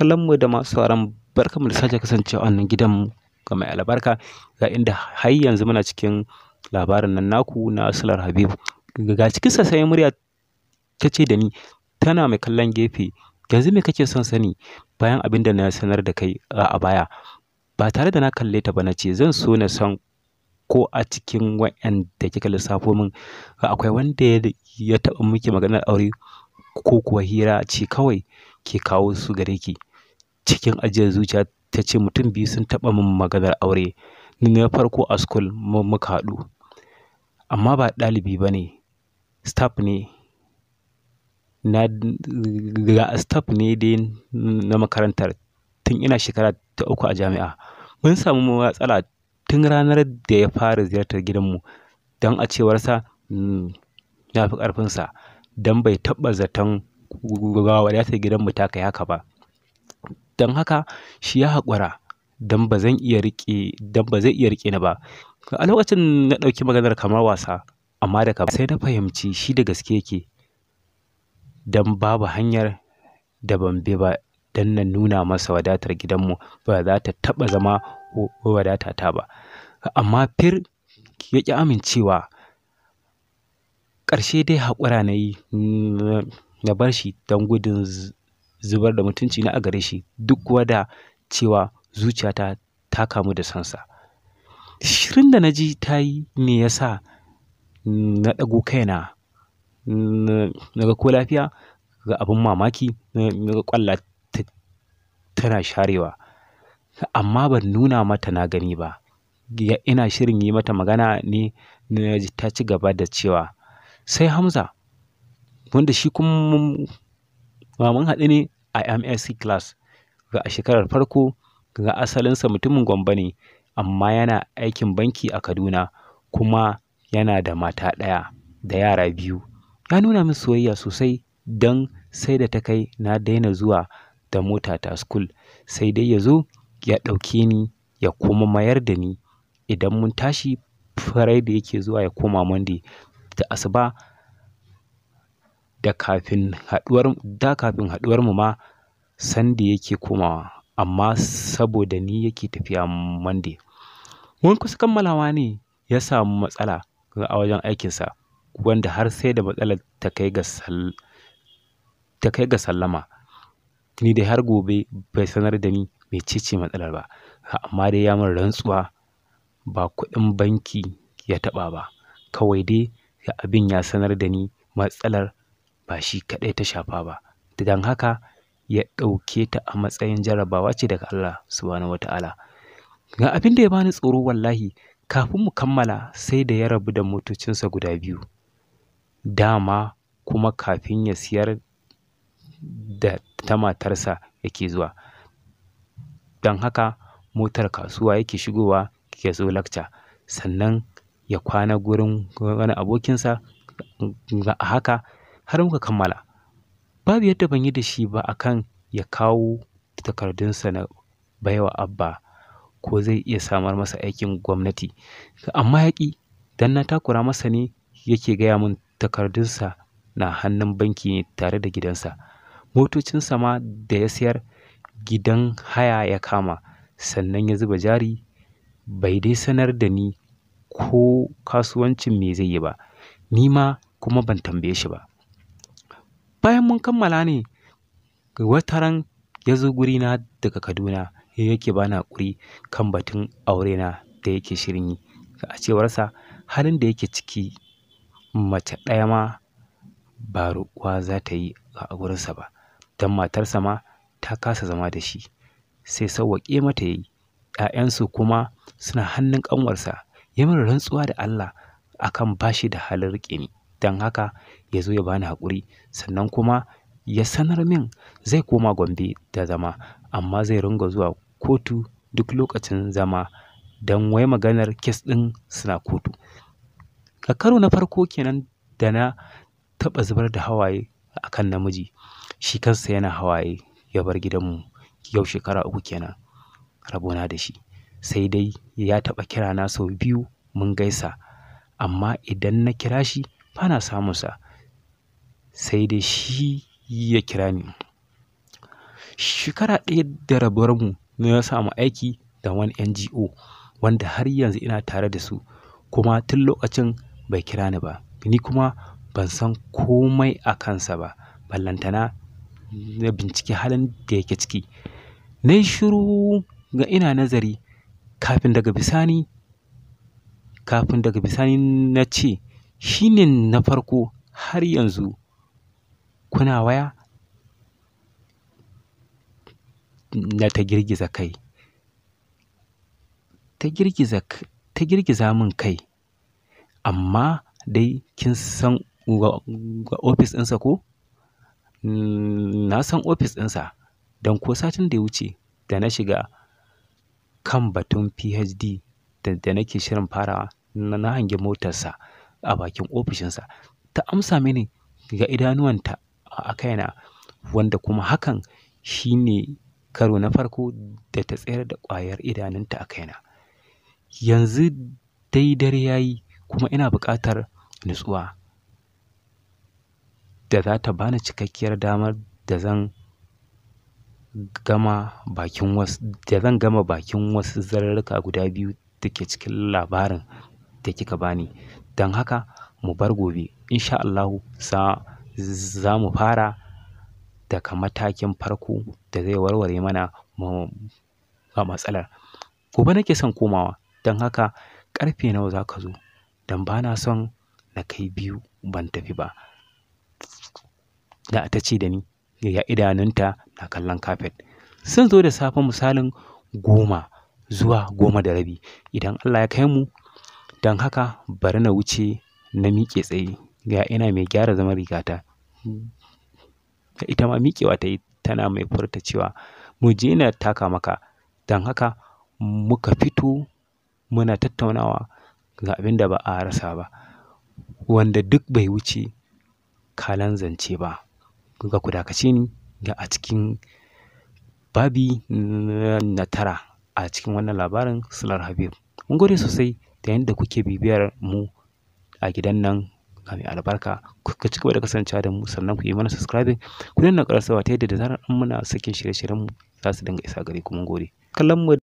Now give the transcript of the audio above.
kallon mu da masu sauran barkanmu da sake kasancewa a wannan gidan ga mai albarka ga inda har yanzu muna cikin labarin nan naku na Sular Habib ga cikin sai murya ta ce da ni tana mai kallon gefe yanzu me kake son sani bayan abin da na sanar da kai a baya ba tare da na kalle ta ba na ce zan so na san ko a cikin wa'yanda kika lissafo min akwai wanda ya taba miki maganar aure ko kuwa hira ce kawai ke kawo su gare ki cikin ajiyar zuciya ta ce mutum biyu sun taɓa min maganar aure ni na farko a school muka haɗu amma ba ɗalibi ba ne staff ne na ga staff ne dai na makarantar tun ina shekara ta uku a jami'a mun samu matsala tun ranar da ya fara ziyartar gidanmu don a cewarsa na fi ƙarfinsa don bai taɓa zaton wadatar gidanmu ta kai haka ba don haka shi ya haƙura don ba zan iya riƙe don ba zai iya riƙe ni ba a lokacin na ɗauki maganar kamar wasa amma da daga sai na fahimci shi da gaske yake don babu hanyar da ban bi ba don na nuna masa wadatar gidanmu ba za ta taɓa zama wadata ta ba amma fir ya ƙi amincewa ƙarshe dai haƙura na yi na bar shi don gudun zubar da mutunci na a gare shi duk kuwa da cewa zuciyata ta kamu da sansa shirin da na ji ta yi ne ya sa na ɗago kaina na ga ko lafiya ga abin mamaki na ga ƙwalla tana sharewa amma ban nuna mata na gani ba ina shirin yi mata magana ne na ta ci gaba da cewa sai hamza wanda shi kuma Kuma mun haɗu ne a MSc class. Ga a shekarar farko ga asalinsa mutumin gwamba ne amma yana aikin banki a Kaduna kuma yana da mata ɗaya da yara biyu. Ya nuna min soyayya sosai don sai da ta kai na daina zuwa da mota ta school sai dai ya zo ya ɗauke ni ya kuma mayar da ni idan mun tashi farai da yake zuwa ya koma Monday da asuba da kafin haɗuwar da kafin haɗuwar mu ma sanda yake komawa amma saboda ni yake tafiya Mande, Mun kusa kammalawa ne ya samu matsala a wajen aikinsa wanda har sai da matsalar ta kai ga sallama. Ni dai har gobe bai sanar da ni mai cece matsalar ba amma dai ya mun rantsuwa ba kuɗin banki ya taɓa ba kawai dai abin ya sanar da ni matsalar ba shi kaɗai ta shafa ba don haka ya ɗauke ta a matsayin jarabawa ce daga Allah subhanahu wata'ala ga abin da ya bani tsoro wallahi kafin mu kammala sai da ya rabu da motocinsa guda biyu dama kuma kafin ya siyar da ta matarsa yake zuwa don haka motar kasuwa yake shigowa ya zo lakca sannan ya kwana gurin wani abokinsa a haka har muka kammala babu yadda ban yi da shi ba akan ya kawo takardunsa na baiwa abba ko zai iya samar masa aikin gwamnati amma ya ƙi na takura masa ne yake gaya min takardunsa na hannun banki ne tare da gidansa motocinsa ma da ya sayar gidan haya ya kama sannan ya zuba jari bai dai sanar da ni ko kasuwancin me zai yi ba ni ma kuma ban tambaye shi ba Bayan mun kammala ne, wataran ya zo gurina daga Kaduna ya yake bana haƙuri kan batun aure na da yake shirin yi. A cewarsa halin da yake ciki mace ɗaya ma ba roƙuwa za ta yi a gurinsa ba. Dan matarsa ma ta kasa zama da shi sai sauwaƙe mata yi. ‘Ya'yansu kuma suna hannun ƙanwarsa. Ya min rantsuwa da Allah akan bashi da halin riƙe ni. Don haka ya zo ya bani haƙuri. Sannan kuma ya sanar min zai koma Gombe da zama amma zai ringa zuwa kotu duk lokacin zama don wai maganar kes ɗin suna kotu. Ka karo na farko kenan da na taɓa zubar da hawaye a kan namiji. Shi kansa yana hawaye ya bar gidanmu. Yau shekara uku kenan rabona da shi. Sai dai ya taɓa kira na sau biyu mun gaisa amma idan na kira shi ba samun sa Sai dai shi ya kira ni. Shekara ɗaya da rabuwar mu na samu aiki da wani NGO wanda har yanzu ina tare da su kuma tun lokacin bai kira ni ba. Ni kuma ban san komai a kansa ba. Ballantana na bincike halin da yake ciki. Na yi shiru ga ina nazari kafin daga bisani, kafin daga bisani na ce shine na farko har yanzu kuna waya na ta girgiza kai ta girgiza min kai amma dai kin san ga ofis ɗinsa ko na san ofis ɗinsa don ko satin da ya wuce da na shiga kan batun phd da nake shirin fara na hangi motarsa a bakin ofishinsa ta amsa mini ga idanuwanta a kaina wanda kuma hakan shine karo na farko da ta tsayar da ƙwayar idanunta a kaina yanzu dai ya yi kuma ina buƙatar nutsuwa da za ta bani cikakkiyar damar da zan gama bakin wasu da zan gama bakin wasu zarurruka guda biyu da ke cikin labarin da kika bani Don haka mu bar gobe. Insha Allahu za mu fara daga matakin farko da zai warware mana matsalar. Gobe nake son komawa. Don haka karfe nawa za ka zo? Don ba na son na kai biyu ban tafi ba. da ta ce da ni, ya idanunta na kallon kafet. Sun zo da safe misalin goma zuwa goma da rabi. Idan Allah ya kai mu Don haka bari na wuce na miƙe tsaye ga ina mai gyara zama rigata. Ita ma miƙewa ta yi tana mai furta cewa mu je na taka maka. Don haka muka fito muna tattaunawa ga abin da ba a rasa ba wanda duk bai wuce kalan zance ba. Ga ku dakace ni ga a cikin babi na tara a cikin wannan labarin sular Habib. Mun gode sosai. da yadda kuke bibiyar mu a gidan nan mai albarka. Ku ci gaba da kasancewa da mu sannan ku yi mana subscribing. Ku danna karasawa ta yadda da zarar muna sakin shirye-shiryenmu za su dinga isa gare ku mun gode. Kallon mu.